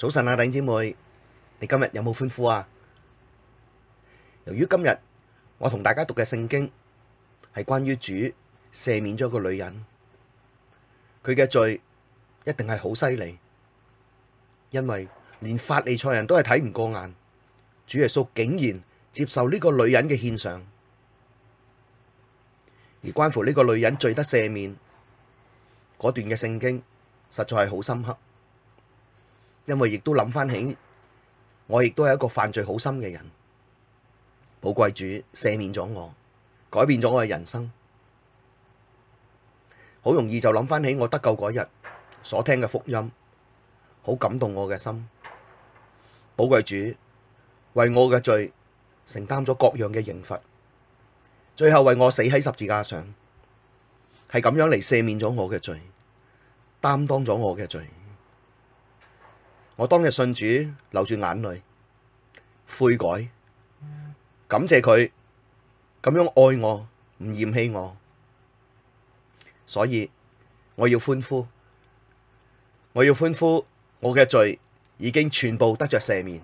早晨啊，弟姊妹，你今日有冇歡呼啊？由於今日我同大家讀嘅聖經係關於主赦免咗個女人，佢嘅罪一定係好犀利，因為連法利賽人都係睇唔過眼，主耶穌竟然接受呢個女人嘅獻上，而關乎呢個女人罪得赦免嗰段嘅聖經，實在係好深刻。因為亦都諗翻起，我亦都係一個犯罪好深嘅人，寶貴主赦免咗我，改變咗我嘅人生，好容易就諗翻起我得救嗰日所聽嘅福音，好感動我嘅心。寶貴主為我嘅罪承擔咗各樣嘅刑罰，最後為我死喺十字架上，係咁樣嚟赦免咗我嘅罪，擔當咗我嘅罪。我當日信主，流住眼淚悔改，感謝佢咁樣愛我，唔厭棄我，所以我要歡呼，我要歡呼，我嘅罪已經全部得着赦免，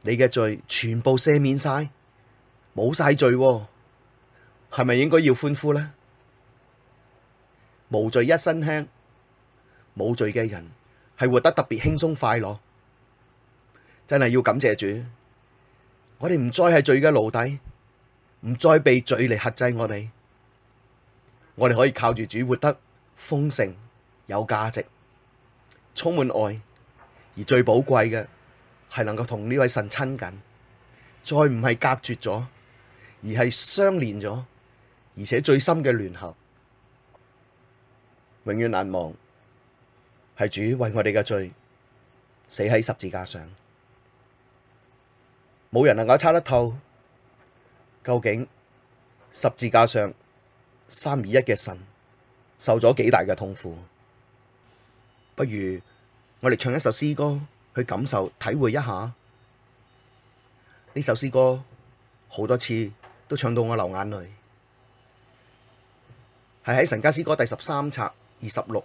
你嘅罪全部赦免晒，冇晒罪啊，係咪應該要歡呼呢？無罪一身輕，冇罪嘅人。係活得特別輕鬆快樂，真係要感謝主，我哋唔再係罪嘅奴隸，唔再被罪嚟克制我哋，我哋可以靠住主活得豐盛、有價值、充滿愛，而最寶貴嘅係能夠同呢位神親近，再唔係隔絕咗，而係相連咗，而且最深嘅聯合，永遠難忘。係主為我哋嘅罪死喺十字架上，冇人能夠猜得透，究竟十字架上三二一嘅神受咗幾大嘅痛苦？不如我哋唱一首詩歌去感受、體會一下呢首詩歌，好多次都唱到我流眼淚，係喺神家詩歌第十三冊二十六。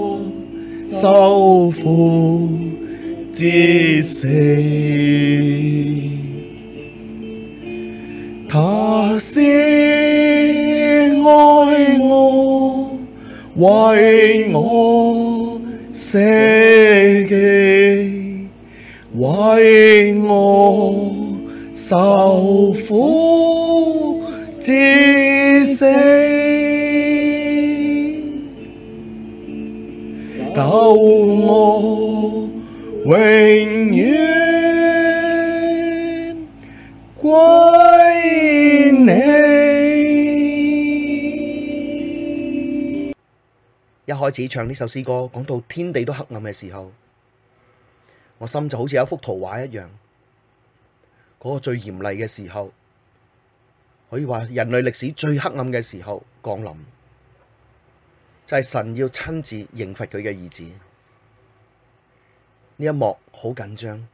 受苦至死，他是愛我，為我捨己，為我受苦。救我永遠歸你。一開始唱呢首詩歌，講到天地都黑暗嘅時候，我心就好似有一幅圖畫一樣，嗰個最嚴厲嘅時候，可以話人類歷史最黑暗嘅時候降臨。但係神要親自刑罰佢嘅兒子，呢一幕好緊張，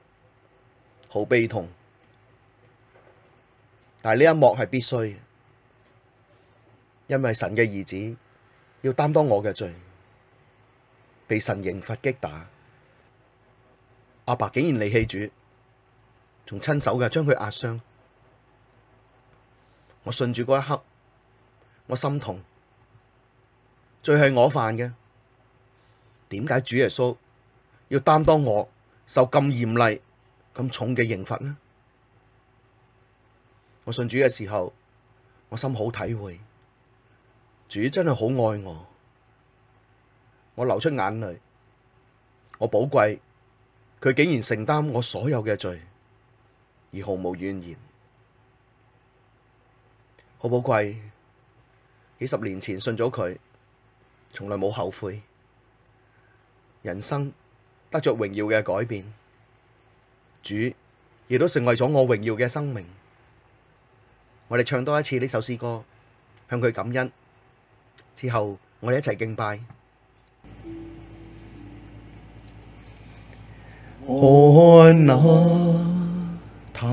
好悲痛。但係呢一幕係必須，因為神嘅兒子要擔當我嘅罪，被神刑罰擊打。阿爸，爸竟然離棄主，仲親手嘅將佢壓傷。我信住嗰一刻，我心痛。罪係我犯嘅，點解主耶穌要擔當我受咁嚴厲、咁重嘅刑罰呢？我信主嘅時候，我心好體會，主真係好愛我。我流出眼淚，我寶貴，佢竟然承擔我所有嘅罪，而毫無怨言，好寶貴。幾十年前信咗佢。從來冇後悔，人生得着榮耀嘅改變，主亦都成為咗我榮耀嘅生命。我哋唱多一次呢首詩歌，向佢感恩。之後我哋一齊敬拜。看那太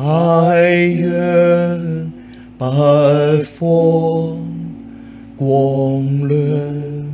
陽，不放光亮。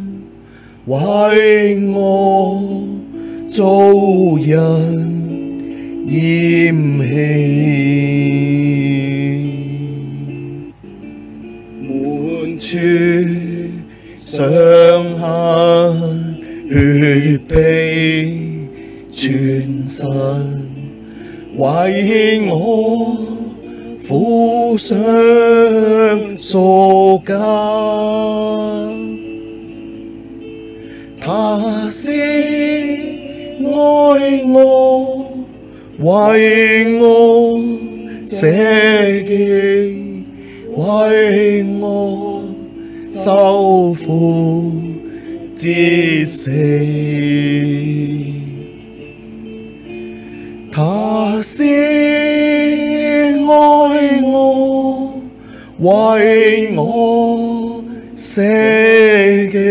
為我遭人厭棄，滿處傷痕，血披全身，為我付上贖價。他是愛我，為我捨己，為我受苦至死。他是愛我，為我捨己。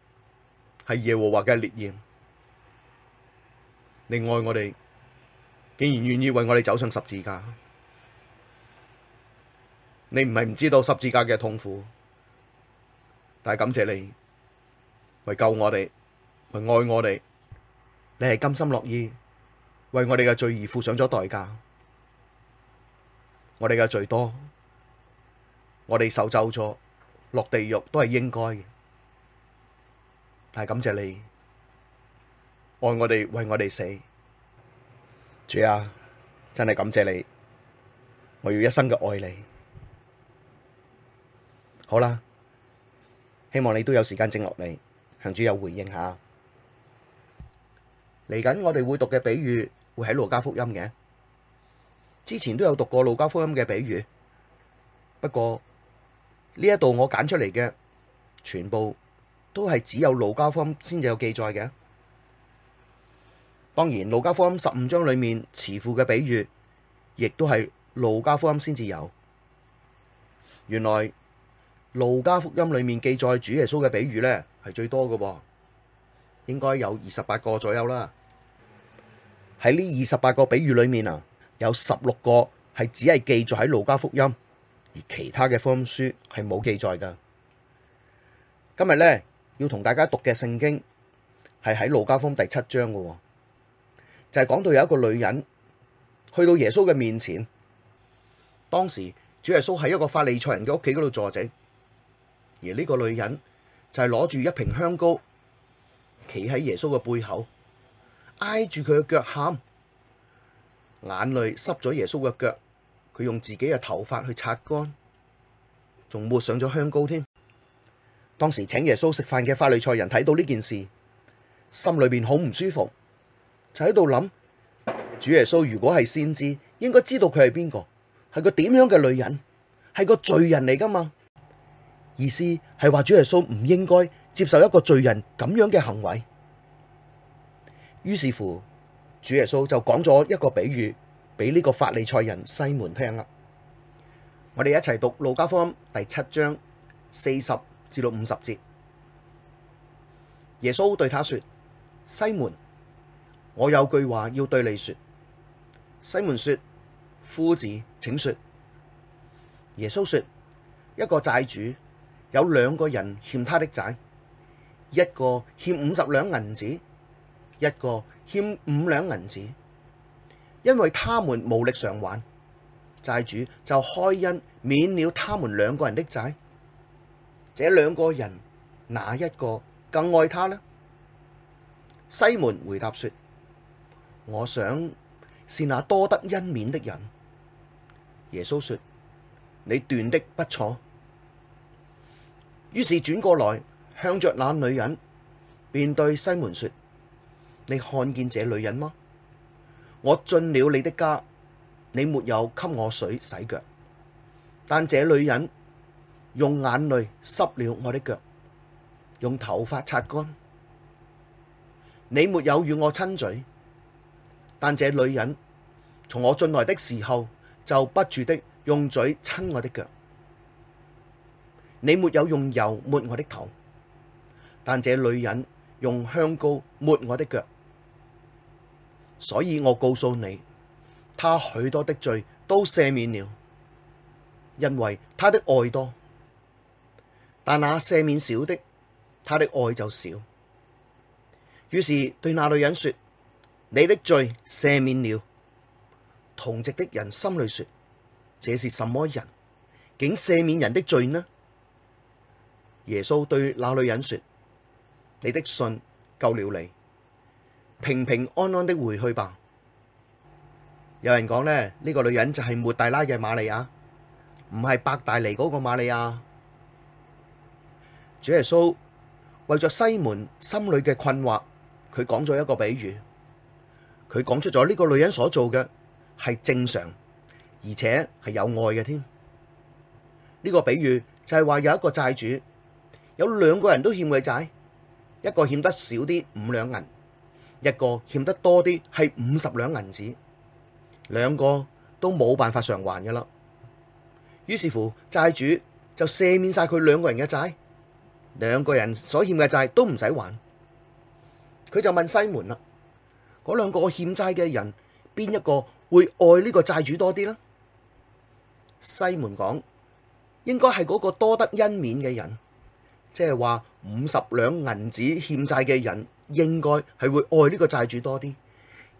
係耶和華嘅烈焰，你愛我哋，竟然願意為我哋走上十字架，你唔係唔知道十字架嘅痛苦，但係感謝你為救我哋，為愛我哋，你係甘心樂意為我哋嘅罪而付上咗代價。我哋嘅罪多，我哋受咒咗，落地獄都係應該嘅。係感謝你，愛我哋，為我哋死，主啊，真係感謝你，我要一生嘅愛你。好啦，希望你都有時間靜落嚟，向主有回應下。嚟緊我哋會讀嘅比喻會喺路加福音嘅，之前都有讀過路加福音嘅比喻，不過呢一度我揀出嚟嘅全部都係只有路加福音先至有記載嘅。當然，路加福音十五章裏面慈父嘅比喻，亦都係路加福音先至有。原來路加福音裏面記載主耶穌嘅比喻呢，係最多嘅，應該有二十八個左右啦。喺呢二十八個比喻裏面啊，有十六個係只係記載喺路加福音，而其他嘅福音書係冇記載嘅。今日呢。要同大家讀嘅聖經係喺路加福音第七章嘅，就係講到有一個女人去到耶穌嘅面前，當時主耶穌喺一個法利賽人嘅屋企嗰度坐席，而呢個女人就係攞住一瓶香膏，企喺耶穌嘅背後，挨住佢嘅腳喊，眼淚溼咗耶穌嘅腳，佢用自己嘅頭髮去擦乾，仲抹上咗香膏添。當時請耶穌食飯嘅法利賽人睇到呢件事，心裏面好唔舒服，就喺度諗主耶穌如果係先知，應該知道佢係邊個，係個點樣嘅女人，係個罪人嚟噶嘛？意思係話主耶穌唔應該接受一個罪人咁樣嘅行為。於是乎，主耶穌就講咗一個比喻俾呢個法利賽人西門聽啦。我哋一齊讀路加福音第七章四十。至到五十節，耶穌對他說：西門，我有句話要對你說。西門說：夫子，請說。耶穌說：一個債主有兩個人欠他的債，一個欠五十兩銀子，一個欠五兩銀子，因為他們無力償還，債主就開恩免了他們兩個人的債。這兩個人，哪一個更愛他呢？西門回答說：我想是那多得恩免的人。耶穌說：你斷的不錯。於是轉過來，向着那女人，便對西門說：你看見這女人嗎？我進了你的家，你沒有給我水洗腳，但這女人，用眼淚溼了我的腳，用頭髮擦乾。你沒有與我親嘴，但這女人從我進來的時候就不住的用嘴親我的腳。你沒有用油抹我的頭，但這女人用香膏抹我的腳。所以我告訴你，她許多的罪都赦免了，因為她的愛多。但那赦免少的，他的愛就少。於是對那女人說：你的罪赦免了。同席的人心裏說：這是什麼人，竟赦免人的罪呢？耶穌對那女人說：你的信救了你，平平安安的回去吧。有人講呢，呢、呢個女人就係抹大拉嘅馬利亞，唔係伯大尼嗰個馬利亞。主耶穌為咗西門心裏嘅困惑，佢講咗一個比喻。佢講出咗呢個女人所做嘅係正常，而且係有愛嘅。添、這、呢個比喻就係話有一個債主有兩個人都欠嘅債，一個欠得少啲五兩銀，一個欠得多啲係五十兩銀子，兩個都冇辦法償還嘅啦。於是乎，債主就赦免晒佢兩個人嘅債。兩個人所欠嘅債都唔使還，佢就問西門啦，嗰兩個欠債嘅人，邊一個會愛呢個債主多啲呢？」西門講，應該係嗰個多得恩免嘅人，即係話五十兩銀子欠債嘅人，應該係會愛呢個債主多啲，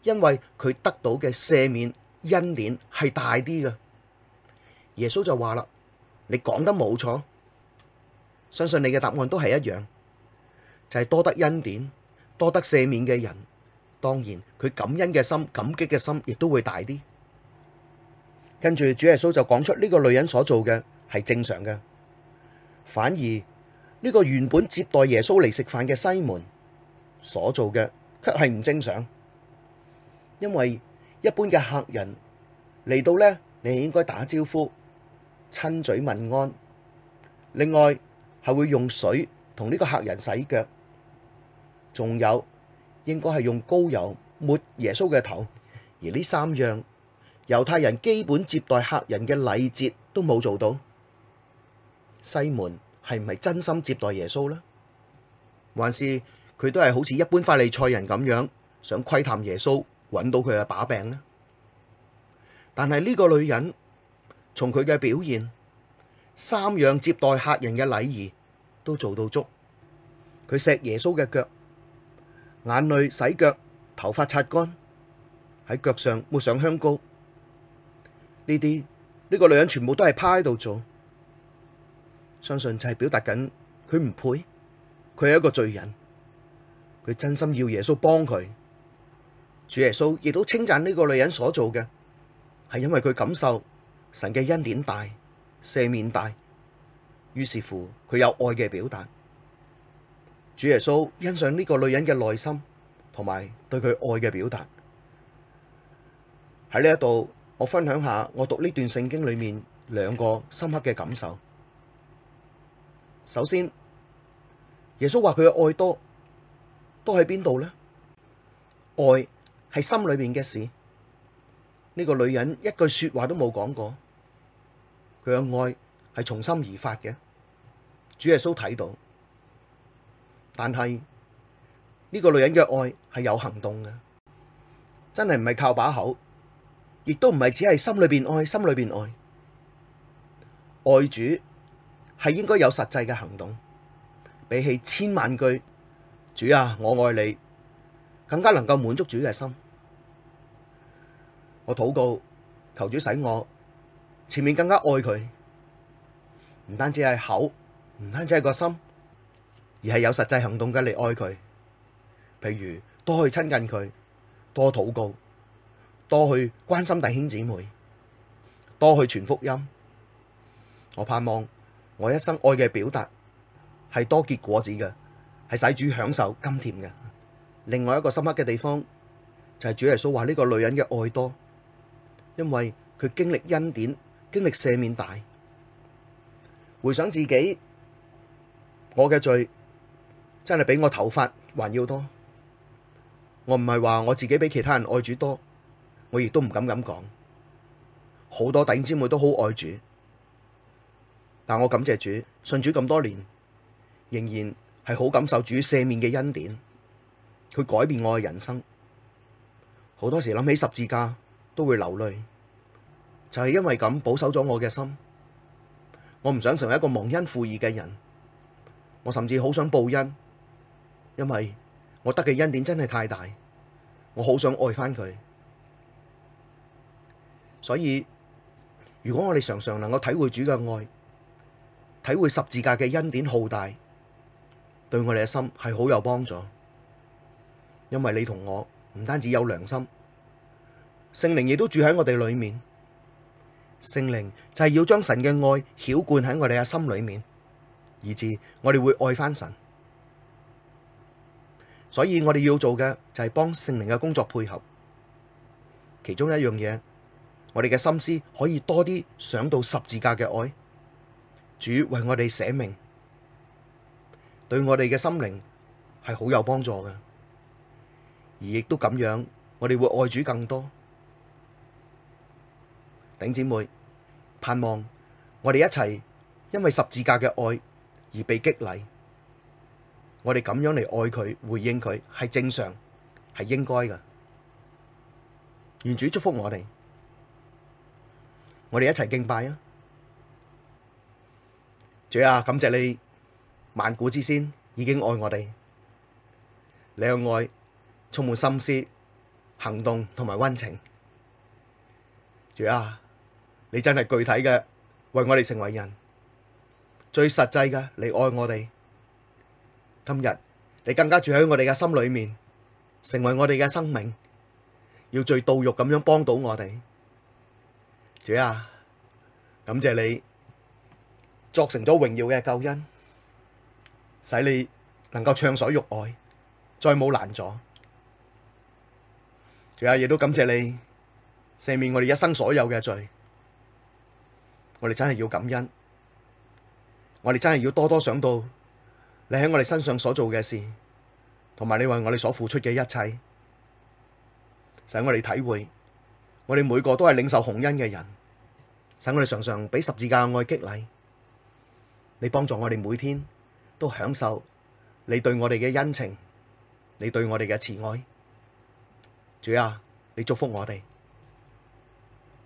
因為佢得到嘅赦免恩典係大啲嘅。耶穌就話啦，你講得冇錯。相信你嘅答案都係一樣，就係多得恩典、多得赦免嘅人，當然佢感恩嘅心、感激嘅心亦都會大啲。跟住，主耶穌就講出呢個女人所做嘅係正常嘅，反而呢個原本接待耶穌嚟食飯嘅西門所做嘅卻係唔正常，因為一般嘅客人嚟到呢，你應該打招呼、親嘴問安，另外。係會用水同呢個客人洗腳，仲有應該係用膏油抹耶穌嘅頭，而呢三樣猶太人基本接待客人嘅禮節都冇做到。西門係唔係真心接待耶穌呢？還是佢都係好似一般法利賽人咁樣想窺探耶穌，揾到佢嘅把柄呢？但係呢個女人從佢嘅表現。三樣接待客人嘅禮儀都做到足，佢錫耶穌嘅腳，眼淚洗腳，頭髮擦乾，喺腳上抹上香膏，呢啲呢個女人全部都係趴喺度做，相信就係表達緊佢唔配，佢係一個罪人，佢真心要耶穌幫佢，主耶穌亦都稱讚呢個女人所做嘅，係因為佢感受神嘅恩典大。赦免大，於是乎佢有愛嘅表達。主耶穌欣賞呢個女人嘅內心，同埋對佢愛嘅表達。喺呢一度，我分享下我讀呢段聖經裏面兩個深刻嘅感受。首先，耶穌話佢嘅愛多，都喺邊度呢？愛係心裏面嘅事。呢個女人一句說話都冇講過。佢嘅愛係從心而發嘅，主耶穌睇到，但係呢個女人嘅愛係有行動嘅，真係唔係靠把口，亦都唔係只係心裏邊愛，心裏邊愛，愛主係應該有實際嘅行動，比起千萬句主啊，我愛你，更加能夠滿足主嘅心。我禱告，求主使我。前面更加愛佢，唔單止係口，唔單止係個心，而係有實際行動嘅嚟愛佢。譬如多去親近佢，多禱告，多去關心弟兄姊妹，多去傳福音。我盼望我一生愛嘅表達係多結果子嘅，係使主享受甘甜嘅。另外一個深刻嘅地方就係、是、主耶穌話呢個女人嘅愛多，因為佢經歷恩典。經歷赦免大，回想自己，我嘅罪真係比我頭髮還要多。我唔係話我自己比其他人愛主多，我亦都唔敢咁講。好多弟兄姊妹都好愛主，但我感謝主，信主咁多年，仍然係好感受主赦免嘅恩典，佢改變我嘅人生。好多時諗起十字架都會流淚。就係因為咁，保守咗我嘅心，我唔想成為一個忘恩負義嘅人，我甚至好想報恩，因為我得嘅恩典真係太大，我好想愛返佢。所以，如果我哋常常能夠體會主嘅愛，體會十字架嘅恩典浩大，對我哋嘅心係好有幫助。因為你同我唔單止有良心，聖靈亦都住喺我哋裏面。聖靈就係要將神嘅愛澆灌喺我哋嘅心裏面，以致我哋會愛翻神。所以我哋要做嘅就係幫聖靈嘅工作配合，其中一樣嘢，我哋嘅心思可以多啲想到十字架嘅愛，主為我哋捨命，對我哋嘅心靈係好有幫助嘅，而亦都咁樣，我哋會愛主更多。頂姊妹，盼望我哋一齊因為十字架嘅愛而被激勵，我哋咁樣嚟愛佢，回應佢係正常，係應該嘅。願主祝福我哋，我哋一齊敬拜啊！主啊，感謝你萬古之先已經愛我哋，你嘅愛充滿心思、行動同埋溫情。主啊！你真係具體嘅，為我哋成為人最實際嘅，你愛我哋。今日你更加住喺我哋嘅心裏面，成為我哋嘅生命，要在度肉咁樣幫到我哋。主啊，感謝你作成咗榮耀嘅救恩，使你能夠暢所欲愛，再冇難阻。主啊，亦都感謝你赦免我哋一生所有嘅罪。我哋真係要感恩，我哋真係要多多想到你喺我哋身上所做嘅事，同埋你為我哋所付出嘅一切，使我哋體會，我哋每個都係領受洪恩嘅人，使我哋常常俾十字架嘅愛激勵。你幫助我哋每天都享受你對我哋嘅恩情，你對我哋嘅慈愛，主啊，你祝福我哋。